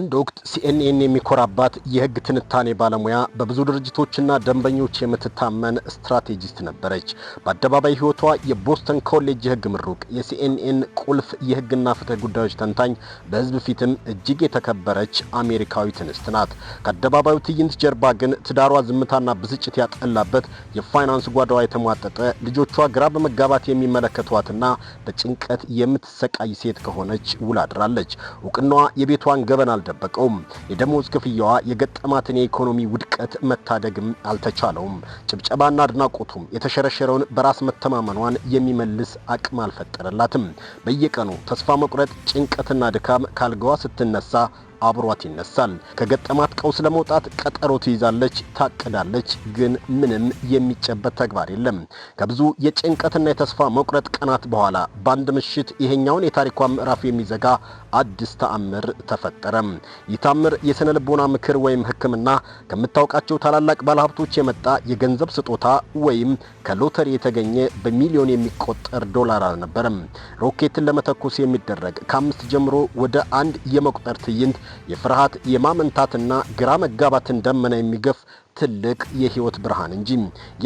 በአንድ ወቅት ሲኤንኤን የሚኮራባት የህግ ትንታኔ ባለሙያ በብዙ ድርጅቶችና ደንበኞች የምትታመን ስትራቴጂስት ነበረች። በአደባባይ ህይወቷ የቦስተን ኮሌጅ የህግ ምሩቅ፣ የሲኤንኤን ቁልፍ የህግና ፍትህ ጉዳዮች ተንታኝ፣ በህዝብ ፊትም እጅግ የተከበረች አሜሪካዊት እንስት ናት። ከአደባባዩ ትዕይንት ጀርባ ግን ትዳሯ ዝምታና ብስጭት ያጠላበት፣ የፋይናንስ ጓዳዋ የተሟጠጠ፣ ልጆቿ ግራ በመጋባት የሚመለከቷትና በጭንቀት የምትሰቃይ ሴት ከሆነች ውላ አድራለች። እውቅናዋ የቤቷን ገበና አልተደበቀውም። የደሞዝ ክፍያዋ የገጠማትን የኢኮኖሚ ውድቀት መታደግም አልተቻለውም። ጭብጨባና አድናቆቱም የተሸረሸረውን በራስ መተማመኗን የሚመልስ አቅም አልፈጠረላትም። በየቀኑ ተስፋ መቁረጥ፣ ጭንቀትና ድካም ካልጋዋ ስትነሳ አብሯት ይነሳል። ከገጠማት ቀውስ ለመውጣት ቀጠሮ ትይዛለች፣ ታቅዳለች፣ ግን ምንም የሚጨበት ተግባር የለም። ከብዙ የጭንቀትና የተስፋ መቁረጥ ቀናት በኋላ በአንድ ምሽት ይሄኛውን የታሪኳ ምዕራፍ የሚዘጋ አዲስ ተአምር ተፈጠረ። ይህ ተአምር የስነ ልቦና ምክር ወይም ሕክምና ከምታውቃቸው ታላላቅ ባለሀብቶች የመጣ የገንዘብ ስጦታ ወይም ከሎተሪ የተገኘ በሚሊዮን የሚቆጠር ዶላር አልነበረም። ሮኬትን ለመተኮስ የሚደረግ ከአምስት ጀምሮ ወደ አንድ የመቁጠር ትዕይንት የፍርሃት የማመንታትና ግራ መጋባትን ደመና የሚገፍ ትልቅ የህይወት ብርሃን እንጂ።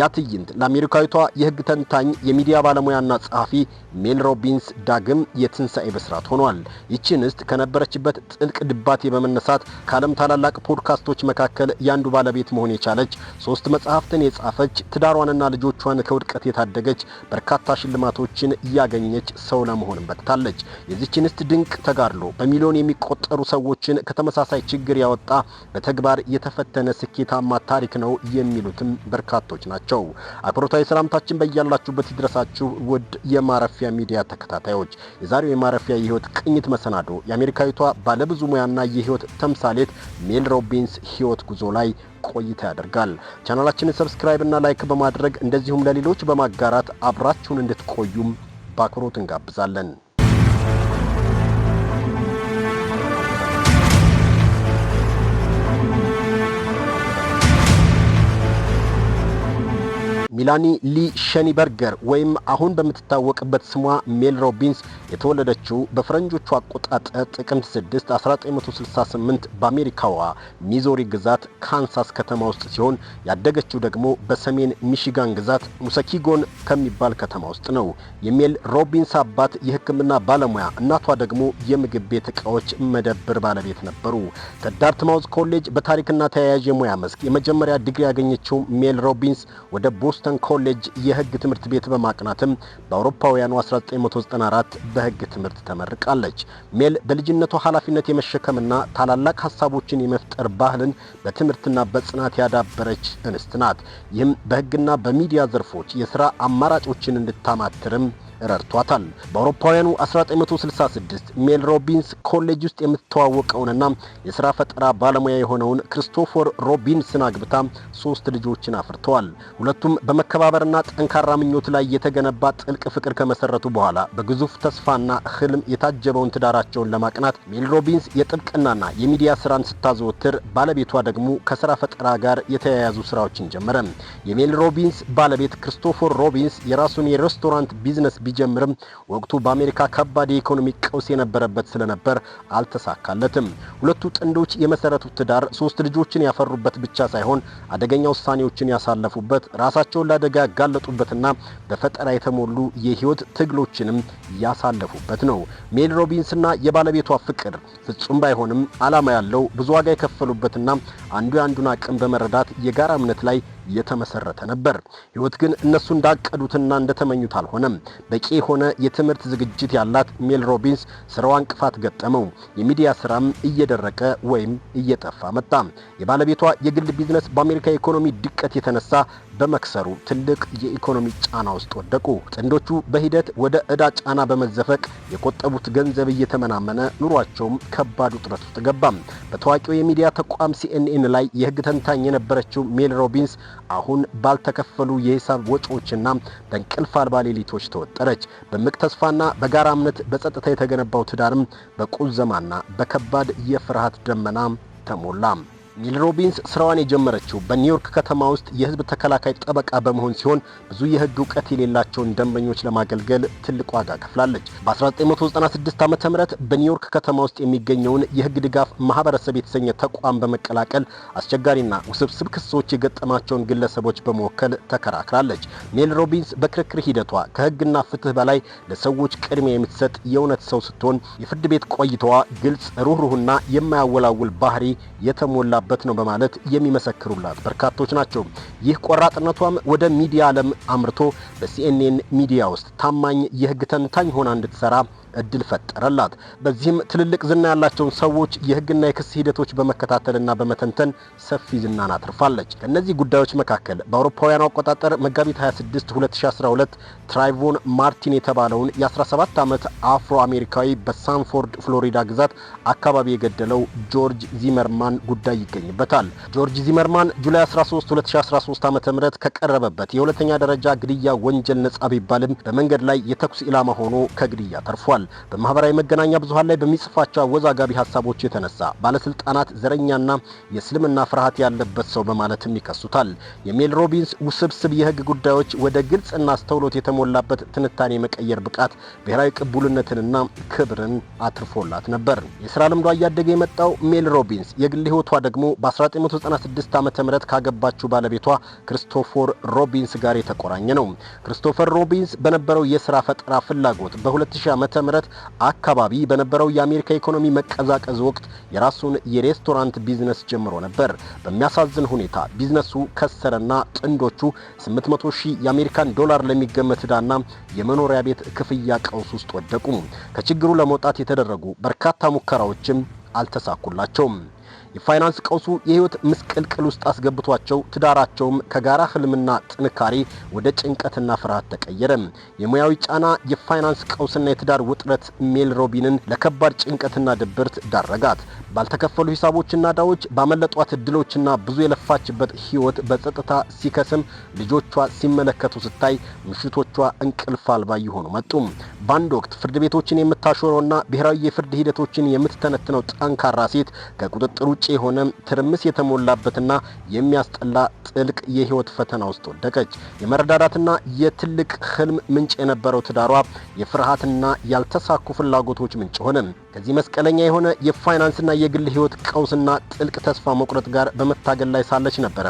ያ ትዕይንት ለአሜሪካዊቷ የህግ ተንታኝ የሚዲያ ባለሙያና ጸሐፊ ሜል ሮቢንስ ዳግም የትንሣኤ ብስራት ሆኗል። ይቺ እንስት ከነበረችበት ጥልቅ ድባቴ በመነሳት ከዓለም ታላላቅ ፖድካስቶች መካከል የአንዱ ባለቤት መሆን የቻለች፣ ሶስት መጽሐፍትን የጻፈች፣ ትዳሯንና ልጆቿን ከውድቀት የታደገች፣ በርካታ ሽልማቶችን እያገኘች ሰው ለመሆንም በቅታለች። የዚች እንስት ድንቅ ተጋድሎ በሚሊዮን የሚቆጠሩ ሰዎችን ከተመሳሳይ ችግር ያወጣ፣ በተግባር የተፈተነ ስኬታማ ታሪክ ታሪክ ነው የሚሉትም በርካቶች ናቸው። አክብሮታዊ ሰላምታችን በያላችሁበት ይድረሳችሁ ውድ የማረፊያ ሚዲያ ተከታታዮች የዛሬው የማረፊያ የህይወት ቅኝት መሰናዶ የአሜሪካዊቷ ባለብዙ ሙያና የህይወት ተምሳሌት ሜል ሮቢንስ ህይወት ጉዞ ላይ ቆይታ ያደርጋል። ቻናላችንን ሰብስክራይብ እና ላይክ በማድረግ እንደዚሁም ለሌሎች በማጋራት አብራችሁን እንድትቆዩም በአክብሮት እንጋብዛለን። ሚላኒ ሊ ሸኒበርገር ወይም አሁን በምትታወቅበት ስሟ ሜል ሮቢንስ የተወለደችው በፈረንጆቹ አቆጣጠር ጥቅምት 6 1968 በአሜሪካዋ ሚዞሪ ግዛት ካንሳስ ከተማ ውስጥ ሲሆን ያደገችው ደግሞ በሰሜን ሚሽጋን ግዛት ሙሰኪጎን ከሚባል ከተማ ውስጥ ነው። የሜል ሮቢንስ አባት የሕክምና ባለሙያ፣ እናቷ ደግሞ የምግብ ቤት እቃዎች መደብር ባለቤት ነበሩ። ከዳርትማውዝ ኮሌጅ በታሪክና ተያያዥ የሙያ መስክ የመጀመሪያ ዲግሪ ያገኘችው ሜል ሮቢንስ ወደ ቦስ ፕሪንስተን ኮሌጅ የህግ ትምህርት ቤት በማቅናትም በአውሮፓውያኑ 1994 በህግ ትምህርት ተመርቃለች። ሜል በልጅነቷ ኃላፊነት የመሸከምና ታላላቅ ሀሳቦችን የመፍጠር ባህልን በትምህርትና በጽናት ያዳበረች እንስት ናት። ይህም በህግና በሚዲያ ዘርፎች የስራ አማራጮችን እንድታማትርም ረድቷታል። በአውሮፓውያኑ 1966 ሜል ሮቢንስ ኮሌጅ ውስጥ የምትተዋወቀውንና የሥራ ፈጠራ ባለሙያ የሆነውን ክሪስቶፈር ሮቢንስን አግብታ ሶስት ልጆችን አፍርተዋል። ሁለቱም በመከባበርና ጠንካራ ምኞት ላይ የተገነባ ጥልቅ ፍቅር ከመሰረቱ በኋላ በግዙፍ ተስፋና ህልም የታጀበውን ትዳራቸውን ለማቅናት ሜል ሮቢንስ የጥብቅናና የሚዲያ ስራን ስታዘወትር፣ ባለቤቷ ደግሞ ከሥራ ፈጠራ ጋር የተያያዙ ስራዎችን ጀመረ። የሜል ሮቢንስ ባለቤት ክሪስቶፈር ሮቢንስ የራሱን የሬስቶራንት ቢዝነስ ቢ ቢጀምርም ወቅቱ በአሜሪካ ከባድ የኢኮኖሚ ቀውስ የነበረበት ስለነበር አልተሳካለትም። ሁለቱ ጥንዶች የመሰረቱት ትዳር ሶስት ልጆችን ያፈሩበት ብቻ ሳይሆን አደገኛ ውሳኔዎችን ያሳለፉበት፣ ራሳቸውን ለአደጋ ያጋለጡበትና በፈጠራ የተሞሉ የህይወት ትግሎችንም ያሳለፉበት ነው። ሜል ሮቢንስና የባለቤቷ ፍቅር ፍጹም ባይሆንም አላማ ያለው ብዙ ዋጋ የከፈሉበትና አንዱ የአንዱን አቅም በመረዳት የጋራ እምነት ላይ የተመሰረተ ነበር። ህይወት ግን እነሱ እንዳቀዱትና እንደተመኙት አልሆነም። በቂ የሆነ የትምህርት ዝግጅት ያላት ሜል ሮቢንስ ስራዋ እንቅፋት ገጠመው። የሚዲያ ስራም እየደረቀ ወይም እየጠፋ መጣ። የባለቤቷ የግል ቢዝነስ በአሜሪካ ኢኮኖሚ ድቀት የተነሳ በመክሰሩ ትልቅ የኢኮኖሚ ጫና ውስጥ ወደቁ። ጥንዶቹ በሂደት ወደ ዕዳ ጫና በመዘፈቅ የቆጠቡት ገንዘብ እየተመናመነ ኑሯቸውም ከባድ ውጥረት ውስጥ ገባም። በታዋቂው የሚዲያ ተቋም ሲኤንኤን ላይ የህግ ተንታኝ የነበረችው ሜል ሮቢንስ አሁን ባልተከፈሉ የሂሳብ ወጪዎችና በእንቅልፍ አልባ ሌሊቶች ተወጠረች። በምቅ ተስፋና በጋራ እምነት በጸጥታ የተገነባው ትዳርም በቁዘማና በከባድ የፍርሃት ደመና ተሞላ። ኒል ሮቢንስ ስራዋን የጀመረችው በኒውዮርክ ከተማ ውስጥ የህዝብ ተከላካይ ጠበቃ በመሆን ሲሆን ብዙ የህግ እውቀት የሌላቸውን ደንበኞች ለማገልገል ትልቅ ዋጋ ከፍላለች። በ1996 ዓ ም በኒውዮርክ ከተማ ውስጥ የሚገኘውን የህግ ድጋፍ ማህበረሰብ የተሰኘ ተቋም በመቀላቀል አስቸጋሪና ውስብስብ ክሶች የገጠማቸውን ግለሰቦች በመወከል ተከራክራለች። ሜል ሮቢንስ በክርክር ሂደቷ ከህግና ፍትህ በላይ ለሰዎች ቅድሚያ የምትሰጥ የእውነት ሰው ስትሆን የፍርድ ቤት ቆይታዋ ግልጽ፣ ሩህሩህና የማያወላውል ባህሪ የተሞላ የተሰራበት ነው በማለት የሚመሰክሩላት በርካቶች ናቸው። ይህ ቆራጥነቷም ወደ ሚዲያ ዓለም አምርቶ በሲኤንኤን ሚዲያ ውስጥ ታማኝ የህግ ተንታኝ ሆና እንድትሰራ እድል ፈጠረላት። በዚህም ትልልቅ ዝና ያላቸውን ሰዎች የህግና የክስ ሂደቶች በመከታተልና በመተንተን ሰፊ ዝናን አትርፋለች። ከእነዚህ ጉዳዮች መካከል በአውሮፓውያኑ አቆጣጠር መጋቢት 26 2012 ትራይቮን ማርቲን የተባለውን የ17 ዓመት አፍሮ አሜሪካዊ በሳንፎርድ ፍሎሪዳ ግዛት አካባቢ የገደለው ጆርጅ ዚመርማን ጉዳይ ይገኝበታል። ጆርጅ ዚመርማን ጁላይ 13 2013 ዓ ም ከቀረበበት የሁለተኛ ደረጃ ግድያ ወንጀል ነጻ ቢባልም በመንገድ ላይ የተኩስ ኢላማ ሆኖ ከግድያ ተርፏል። ተናግረዋል። በማህበራዊ መገናኛ ብዙሃን ላይ በሚጽፏቸው አወዛጋቢ ሀሳቦች የተነሳ ባለስልጣናት ዘረኛና የእስልምና ፍርሃት ያለበት ሰው በማለትም ይከሱታል። የሜል ሮቢንስ ውስብስብ የህግ ጉዳዮች ወደ ግልጽና አስተውሎት የተሞላበት ትንታኔ መቀየር ብቃት ብሔራዊ ቅቡልነትንና ክብርን አትርፎላት ነበር። የስራ ልምዷ እያደገ የመጣው ሜል ሮቢንስ የግል ህይወቷ ደግሞ በ1996 ዓ ም ካገባችው ባለቤቷ ክሪስቶፈር ሮቢንስ ጋር የተቆራኘ ነው። ክርስቶፈር ሮቢንስ በነበረው የስራ ፈጠራ ፍላጎት በ2000 ዓ ም አካባቢ በነበረው የአሜሪካ ኢኮኖሚ መቀዛቀዝ ወቅት የራሱን የሬስቶራንት ቢዝነስ ጀምሮ ነበር። በሚያሳዝን ሁኔታ ቢዝነሱ ከሰረና ጥንዶቹ 800 ሺህ የአሜሪካን ዶላር ለሚገመት ዕዳና የመኖሪያ ቤት ክፍያ ቀውስ ውስጥ ወደቁ። ከችግሩ ለመውጣት የተደረጉ በርካታ ሙከራዎችም አልተሳኩላቸውም። የፋይናንስ ቀውሱ የህይወት ምስቅልቅል ውስጥ አስገብቷቸው ትዳራቸውም ከጋራ ህልምና ጥንካሬ ወደ ጭንቀትና ፍርሃት ተቀየረ። የሙያዊ ጫና፣ የፋይናንስ ቀውስና የትዳር ውጥረት ሜል ሮቢንን ለከባድ ጭንቀትና ድብርት ዳረጋት። ባልተከፈሉ ሂሳቦችና ዳዎች ባመለጧት እድሎችና ብዙ የለፋችበት ህይወት በጸጥታ ሲከስም ልጆቿ ሲመለከቱ ስታይ ምሽቶቿ እንቅልፍ አልባ እየሆኑ መጡ። በአንድ ወቅት ፍርድ ቤቶችን የምታሾረውና ብሔራዊ የፍርድ ሂደቶችን የምትተነትነው ጠንካራ ሴት ከቁጥጥር ውጭ ውጪ የሆነም ትርምስ የተሞላበትና የሚያስጠላ ጥልቅ የህይወት ፈተና ውስጥ ወደቀች። የመረዳዳትና የትልቅ ህልም ምንጭ የነበረው ትዳሯ የፍርሃትና ያልተሳኩ ፍላጎቶች ምንጭ ሆነ። ከዚህ መስቀለኛ የሆነ የፋይናንስና የግል ህይወት ቀውስና ጥልቅ ተስፋ መቁረጥ ጋር በመታገል ላይ ሳለች ነበረ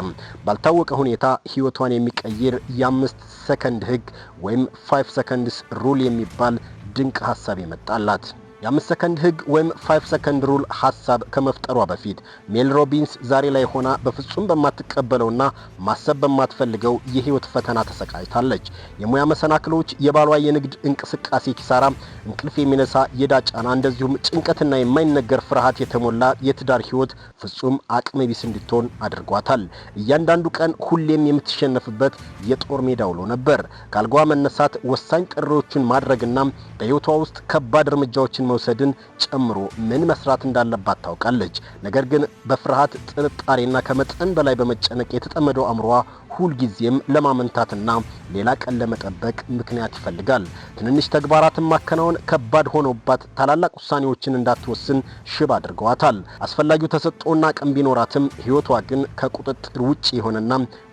ባልታወቀ ሁኔታ ህይወቷን የሚቀይር የአምስት ሰከንድ ህግ ወይም ፋይቭ ሰከንድስ ሩል የሚባል ድንቅ ሀሳብ የመጣላት። የአምስት ሰከንድ ህግ ወይም ፋይቭ ሰከንድ ሩል ሀሳብ ከመፍጠሯ በፊት ሜል ሮቢንስ ዛሬ ላይ ሆና በፍጹም በማትቀበለውና ማሰብ በማትፈልገው የህይወት ፈተና ተሰቃይታለች። የሙያ መሰናክሎች፣ የባሏ የንግድ እንቅስቃሴ ኪሳራ፣ እንቅልፍ የሚነሳ የዕዳ ጫና፣ እንደዚሁም ጭንቀትና የማይነገር ፍርሃት የተሞላ የትዳር ህይወት ፍጹም አቅመ ቢስ እንድትሆን አድርጓታል። እያንዳንዱ ቀን ሁሌም የምትሸነፍበት የጦር ሜዳ ውሎ ነበር። ከአልጋዋ መነሳት፣ ወሳኝ ጥሪዎችን ማድረግና በህይወቷ ውስጥ ከባድ እርምጃዎችን መውሰድን ጨምሮ ምን መስራት እንዳለባት ታውቃለች። ነገር ግን በፍርሃት ጥርጣሬና ከመጠን በላይ በመጨነቅ የተጠመደው አእምሮዋ ሁልጊዜም ለማመንታትና ሌላ ቀን ለመጠበቅ ምክንያት ይፈልጋል። ትንንሽ ተግባራትን ማከናወን ከባድ ሆኖባት ታላላቅ ውሳኔዎችን እንዳትወስን ሽባ አድርገዋታል። አስፈላጊው ተሰጥኦና ቀን ቢኖራትም ሕይወቷ ግን ከቁጥጥር ውጭ የሆነና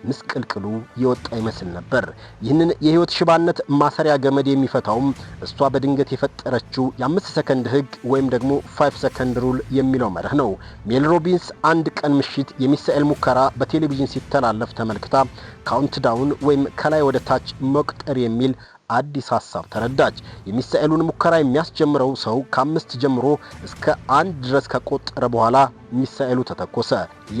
ምስቅልቅሉ የወጣ ይመስል ነበር። ይህንን የሕይወት ሽባነት ማሰሪያ ገመድ የሚፈታውም እሷ በድንገት የፈጠረችው የአምስት ሰከንድ ሕግ ወይም ደግሞ ፋይቭ ሰከንድ ሩል የሚለው መርህ ነው። ሜል ሮቢንስ አንድ ቀን ምሽት የሚሳኤል ሙከራ በቴሌቪዥን ሲተላለፍ ተመልክታ ካውንትዳውን ወይም ከላይ ወደ ታች መቁጠር የሚል አዲስ ሀሳብ ተረዳች። የሚሳኤሉን ሙከራ የሚያስጀምረው ሰው ከአምስት ጀምሮ እስከ አንድ ድረስ ከቆጠረ በኋላ ሚሳኤሉ ተተኮሰ።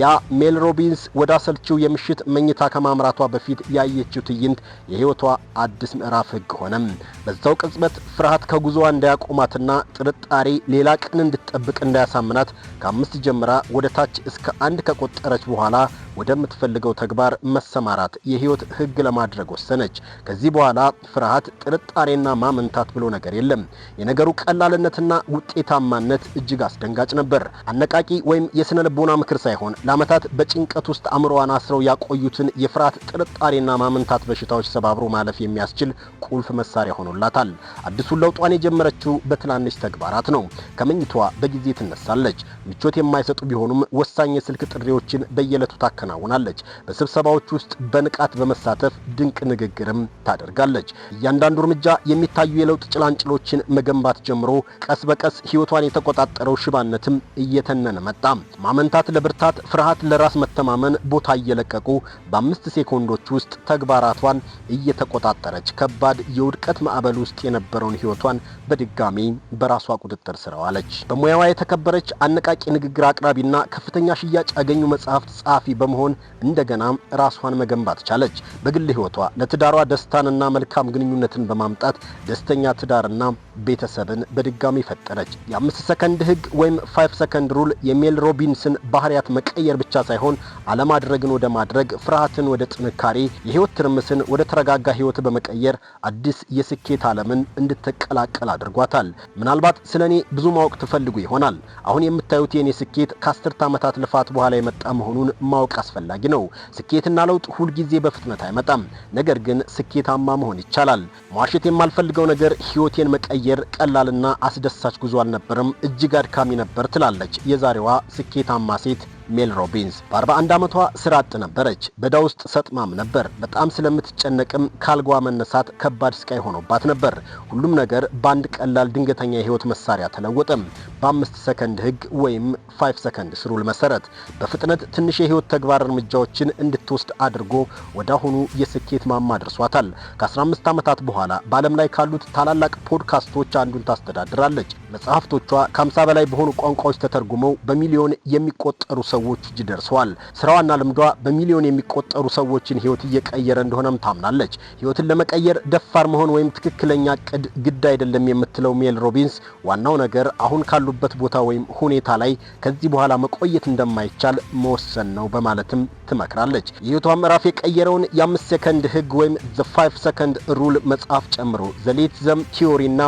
ያ ሜል ሮቢንስ ወደ አሰልቺው የምሽት መኝታ ከማምራቷ በፊት ያየችው ትዕይንት የሕይወቷ አዲስ ምዕራፍ ሕግ ሆነም። በዛው ቅጽበት ፍርሃት ከጉዞዋ እንዳያቆማትና ጥርጣሬ ሌላ ቀን እንድትጠብቅ እንዳያሳምናት ከአምስት ጀምራ ወደ ታች እስከ አንድ ከቆጠረች በኋላ ወደምትፈልገው ተግባር መሰማራት የህይወት ህግ ለማድረግ ወሰነች። ከዚህ በኋላ ፍርሃት፣ ጥርጣሬና ማመንታት ብሎ ነገር የለም። የነገሩ ቀላልነትና ውጤታማነት እጅግ አስደንጋጭ ነበር። አነቃቂ ወይም ወይም የስነ ልቦና ምክር ሳይሆን ለዓመታት በጭንቀት ውስጥ አእምሮዋን አስረው ያቆዩትን የፍርሃት ጥርጣሬና ማመንታት በሽታዎች ሰባብሮ ማለፍ የሚያስችል ቁልፍ መሳሪያ ሆኖላታል። አዲሱን ለውጧን የጀመረችው በትናንሽ ተግባራት ነው። ከመኝቷ በጊዜ ትነሳለች። ምቾት የማይሰጡ ቢሆኑም ወሳኝ የስልክ ጥሪዎችን በየዕለቱ ታከናውናለች። በስብሰባዎች ውስጥ በንቃት በመሳተፍ ድንቅ ንግግርም ታደርጋለች። እያንዳንዱ እርምጃ የሚታዩ የለውጥ ጭላንጭሎችን መገንባት ጀምሮ ቀስ በቀስ ሕይወቷን የተቆጣጠረው ሽባነትም እየተነነ መጣ። አልበቃም። ማመንታት ለብርታት፣ ፍርሃት ለራስ መተማመን ቦታ እየለቀቁ በአምስት ሴኮንዶች ውስጥ ተግባራቷን እየተቆጣጠረች ከባድ የውድቀት ማዕበል ውስጥ የነበረውን ህይወቷን በድጋሚ በራሷ ቁጥጥር ስር አዋለች። በሙያዋ የተከበረች አነቃቂ ንግግር አቅራቢና ከፍተኛ ሽያጭ ያገኙ መጽሐፍት ጸሐፊ በመሆን እንደገና ራሷን መገንባት ቻለች። በግል ህይወቷ ለትዳሯ ደስታንና መልካም ግንኙነትን በማምጣት ደስተኛ ትዳርና ቤተሰብን በድጋሚ ፈጠረች። የአምስት ሰከንድ ህግ ወይም ፋይቭ ሰከንድ ሩል የሚል የኤል ሮቢንስን ባህሪያት መቀየር ብቻ ሳይሆን አለማድረግን ወደ ማድረግ፣ ፍርሃትን ወደ ጥንካሬ፣ የህይወት ትርምስን ወደ ተረጋጋ ህይወት በመቀየር አዲስ የስኬት ዓለምን እንድትቀላቀል አድርጓታል። ምናልባት ስለ እኔ ብዙ ማወቅ ትፈልጉ ይሆናል። አሁን የምታዩት የእኔ ስኬት ከአስርት ዓመታት ልፋት በኋላ የመጣ መሆኑን ማወቅ አስፈላጊ ነው። ስኬትና ለውጥ ሁልጊዜ በፍጥነት አይመጣም። ነገር ግን ስኬታማ መሆን ይቻላል። ማሸት የማልፈልገው ነገር ህይወቴን መቀየር ቀላልና አስደሳች ጉዞ አልነበረም፣ እጅግ አድካሚ ነበር ትላለች የዛሬዋ ስኬታማ ሴት ሜል ሮቢንስ በ41 ዓመቷ ስራ አጥ ነበረች። በዳ ውስጥ ሰጥማም ነበር። በጣም ስለምትጨነቅም ካልጓ መነሳት ከባድ ስቃይ ሆኖባት ነበር። ሁሉም ነገር በአንድ ቀላል ድንገተኛ የህይወት መሳሪያ ተለወጠም። በአምስት ሰከንድ ህግ ወይም ፋይቭ ሰከንድ ስሩል መሰረት በፍጥነት ትንሽ የህይወት ተግባር እርምጃዎችን እንድትወስድ አድርጎ ወደ አሁኑ የስኬት ማማ ደርሷታል። ከ15 ዓመታት በኋላ በዓለም ላይ ካሉት ታላላቅ ፖድካስቶች አንዱን ታስተዳድራለች። መጽሐፍቶቿ ከ50 በላይ በሆኑ ቋንቋዎች ተተርጉመው በሚሊዮን የሚቆጠሩ ሰዎች እጅ ደርሰዋል። ስራዋና ልምዷ በሚሊዮን የሚቆጠሩ ሰዎችን ህይወት እየቀየረ እንደሆነም ታምናለች። ህይወትን ለመቀየር ደፋር መሆን ወይም ትክክለኛ ቅድ ግድ አይደለም የምትለው ሜል ሮቢንስ ዋናው ነገር አሁን ካሉበት ቦታ ወይም ሁኔታ ላይ ከዚህ በኋላ መቆየት እንደማይቻል መወሰን ነው በማለትም ትመክራለች። የህይወቷ ምዕራፍ የቀየረውን የአምስት ሰከንድ ህግ ወይም ዘ ፋይቭ ሰከንድ ሩል መጽሐፍ ጨምሮ ዘሌትዘም ቲዮሪ ና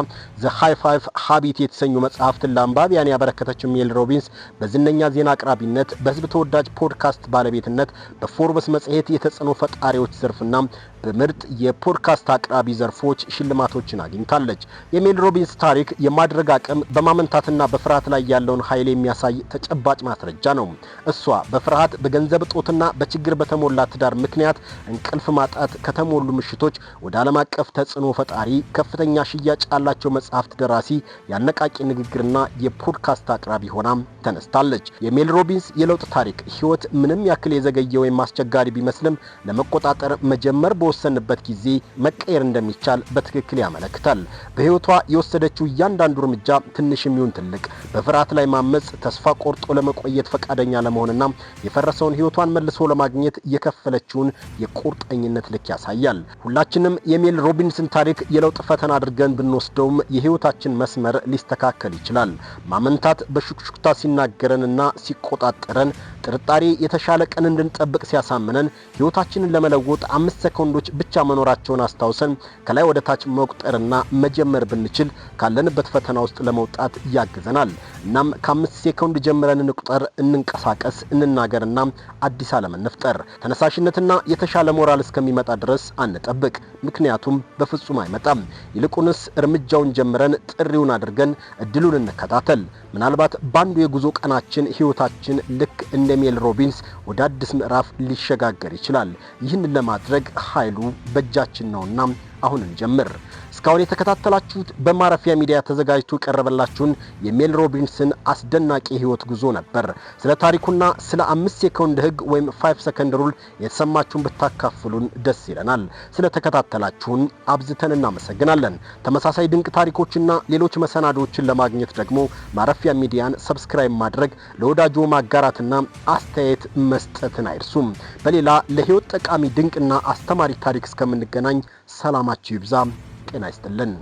ዘ ሃይ ፋይቭ ሀቢት የተሰኙ መጽሐፍትን ለአንባቢያን ያበረከተችው ሜል ሮቢንስ በዝነኛ ዜና አቅራቢነት በህዝብ ተወዳጅ ፖድካስት ባለቤትነት በፎርበስ መጽሔት የተጽዕኖ ፈጣሪዎች ዘርፍና በምርጥ የፖድካስት አቅራቢ ዘርፎች ሽልማቶችን አግኝታለች። የሜል ሮቢንስ ታሪክ የማድረግ አቅም በማመንታትና በፍርሃት ላይ ያለውን ኃይል የሚያሳይ ተጨባጭ ማስረጃ ነው። እሷ በፍርሃት በገንዘብ እጦትና በችግር በተሞላ ትዳር ምክንያት እንቅልፍ ማጣት ከተሞሉ ምሽቶች ወደ ዓለም አቀፍ ተጽዕኖ ፈጣሪ፣ ከፍተኛ ሽያጭ ያላቸው መጽሐፍት ደራሲ፣ የአነቃቂ ንግግርና የፖድካስት አቅራቢ ሆናም ተነስታለች። የሜል ሮቢንስ የለውጥ ታሪክ ህይወት ምንም ያክል የዘገየ ወይም አስቸጋሪ ቢመስልም ለመቆጣጠር መጀመር በ በተወሰንበት ጊዜ መቀየር እንደሚቻል በትክክል ያመለክታል። በህይወቷ የወሰደችው እያንዳንዱ እርምጃ ትንሽ የሚሆን ትልቅ በፍርሃት ላይ ማመፅ፣ ተስፋ ቆርጦ ለመቆየት ፈቃደኛ ለመሆንና የፈረሰውን ሕይወቷን መልሶ ለማግኘት የከፈለችውን የቁርጠኝነት ልክ ያሳያል። ሁላችንም የሜል ሮቢንስን ታሪክ የለውጥ ፈተና አድርገን ብንወስደውም የሕይወታችን መስመር ሊስተካከል ይችላል። ማመንታት በሹክሹክታ ሲናገረንና ሲቆጣጠረን፣ ጥርጣሬ የተሻለ ቀን እንድንጠብቅ ሲያሳምነን፣ ሕይወታችንን ለመለወጥ አምስት ሰኮንዶች ሰዎች ብቻ መኖራቸውን አስታውሰን ከላይ ወደ ታች መቁጠርና መጀመር ብንችል ካለንበት ፈተና ውስጥ ለመውጣት ያግዘናል። እናም ከአምስት ሴኮንድ ጀምረን እንቁጠር፣ እንንቀሳቀስ፣ እንናገርና አዲስ ዓለም እንፍጠር። ተነሳሽነትና የተሻለ ሞራል እስከሚመጣ ድረስ አንጠብቅ፣ ምክንያቱም በፍጹም አይመጣም። ይልቁንስ እርምጃውን ጀምረን ጥሪውን አድርገን እድሉን እንከታተል። ምናልባት በአንዱ የጉዞ ቀናችን ህይወታችን ልክ እንደ ሜል ሮቢንስ ወደ አዲስ ምዕራፍ ሊሸጋገር ይችላል። ይህን ለማድረግ ኃይሉ በእጃችን ነውና አሁን እንጀምር። እስካሁን የተከታተላችሁት በማረፊያ ሚዲያ ተዘጋጅቶ የቀረበላችሁን የሜል ሮቢንስን አስደናቂ ህይወት ጉዞ ነበር። ስለ ታሪኩና ስለ አምስት ሴኮንድ ህግ ወይም ፋይቭ ሰከንድ ሩል የተሰማችሁን ብታካፍሉን ደስ ይለናል። ስለ ተከታተላችሁን አብዝተን እናመሰግናለን። ተመሳሳይ ድንቅ ታሪኮችና ሌሎች መሰናዶዎችን ለማግኘት ደግሞ ማረፊያ ሚዲያን ሰብስክራይብ ማድረግ፣ ለወዳጆ ማጋራትና አስተያየት መስጠትን አይርሱም። በሌላ ለህይወት ጠቃሚ ድንቅና አስተማሪ ታሪክ እስከምንገናኝ ሰላማችሁ ይብዛ። ጤና ይስጥልን።